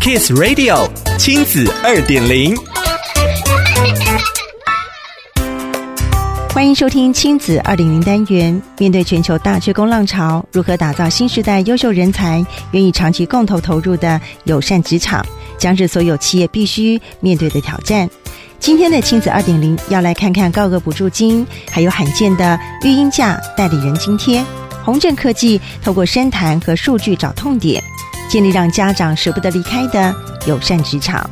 Kiss Radio 親子二點零，歡迎收聽親子二點零單元。面對全球大缺工浪潮，如何打造新世代優秀人才願意長期共同投，投入的友善職場，將是所有企業必須面對的挑戰。今天的親子二點零要來看看高額補助金，還有罕見的育嬰假、代理人津貼。宏正科技透過深談和數據找痛點。建立讓家長捨不得離開的友善職場，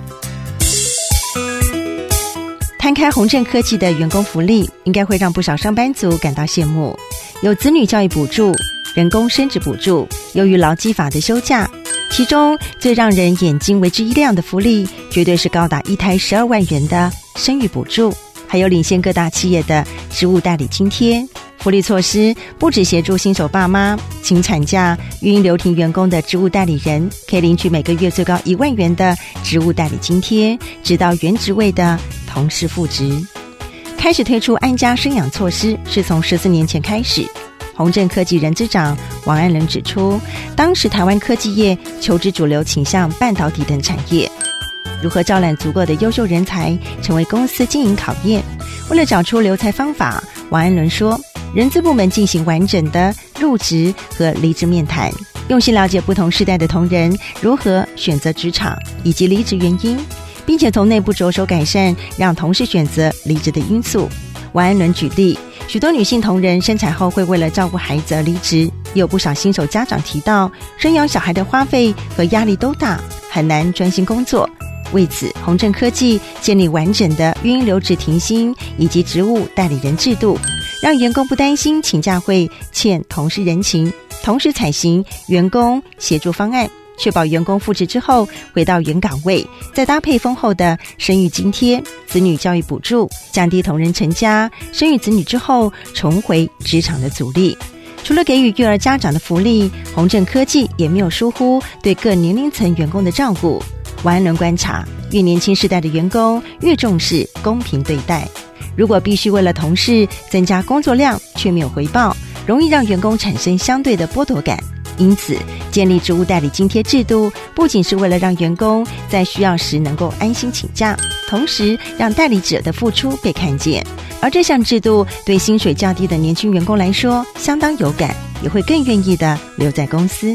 攤開宏正科技的員工福利，應該會讓不少上班族感到羨慕。有子女教育補助、人工生殖補助、優於勞基法的休假，其中最讓人眼睛為之一亮的福利，絕對是高達一胎十二萬元的生育補助，還有領先各大企業的職務代理津貼。福利措施不止協助新手爸媽請產假，育嬰留停員工的職務代理人可以領取每個月最高一萬元的職務代理津貼，直到原職位的同事復職。開始推出安家生養措施是從十四年前開始。宏正科技人資長王安倫指出，當時台灣科技業求職主流傾向半導體等產業，如何招攬足夠的優秀人才成為公司經營考驗。為了找出留才方法，王安倫說。人資部門進行完整的入職和離職面談，用心了解不同世代的同仁如何選擇職場以及離職原因，並且從內部着手改善讓同事選擇離職的因素。王安倫舉例，許多女性同仁生產後會為了照顧孩子而離職，也有不少新手家長提到，生養小孩的花費和壓力都大，很難專心工作。為此，宏正科技建立完整的育嬰留職停薪以及職務代理人制度。讓員工不擔心請假會欠同事人情，同時採行員工協助方案，確保員工復職之後回到原崗位。再搭配豐厚的生育津貼、子女教育補助，降低同仁成家生育子女之後重回職場的阻力。除了給予育兒家長的福利，宏正科技也沒有疏忽對各年齡層員工的照顧。王安倫觀察，越年輕世代的員工越重視公平對待。如果必須為了同事增加工作量卻沒有回報，容易讓員工產生相對的剝奪感。因此，建立職務代理津貼制度，不僅是為了讓員工在需要時能夠安心請假，同時讓代理者的付出被看見。而這項制度對薪水較低的年輕員工來說相當有感，也會更願意地留在公司。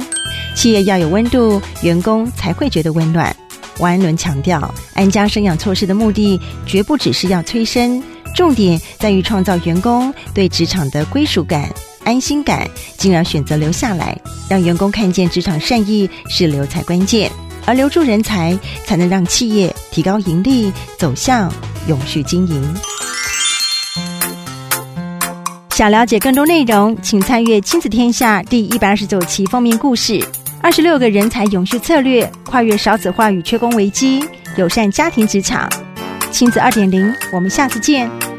企業要有溫度，員工才會覺得溫暖。王安倫強調，安家生養措施的目的絕不只是要催生。重點在於創造員工對職場的歸屬感、安心感，進而選擇留下來。讓員工看見職場善意是留才關鍵，而留住人才才能讓企業提高盈利，走向永續經營。想了解更多內容，請參閱《親子天下》第一百二十九期封面故事：二十六個人才永續策略，跨越少子化與缺工危機，友善家庭職場。親子二點零，我們下次見。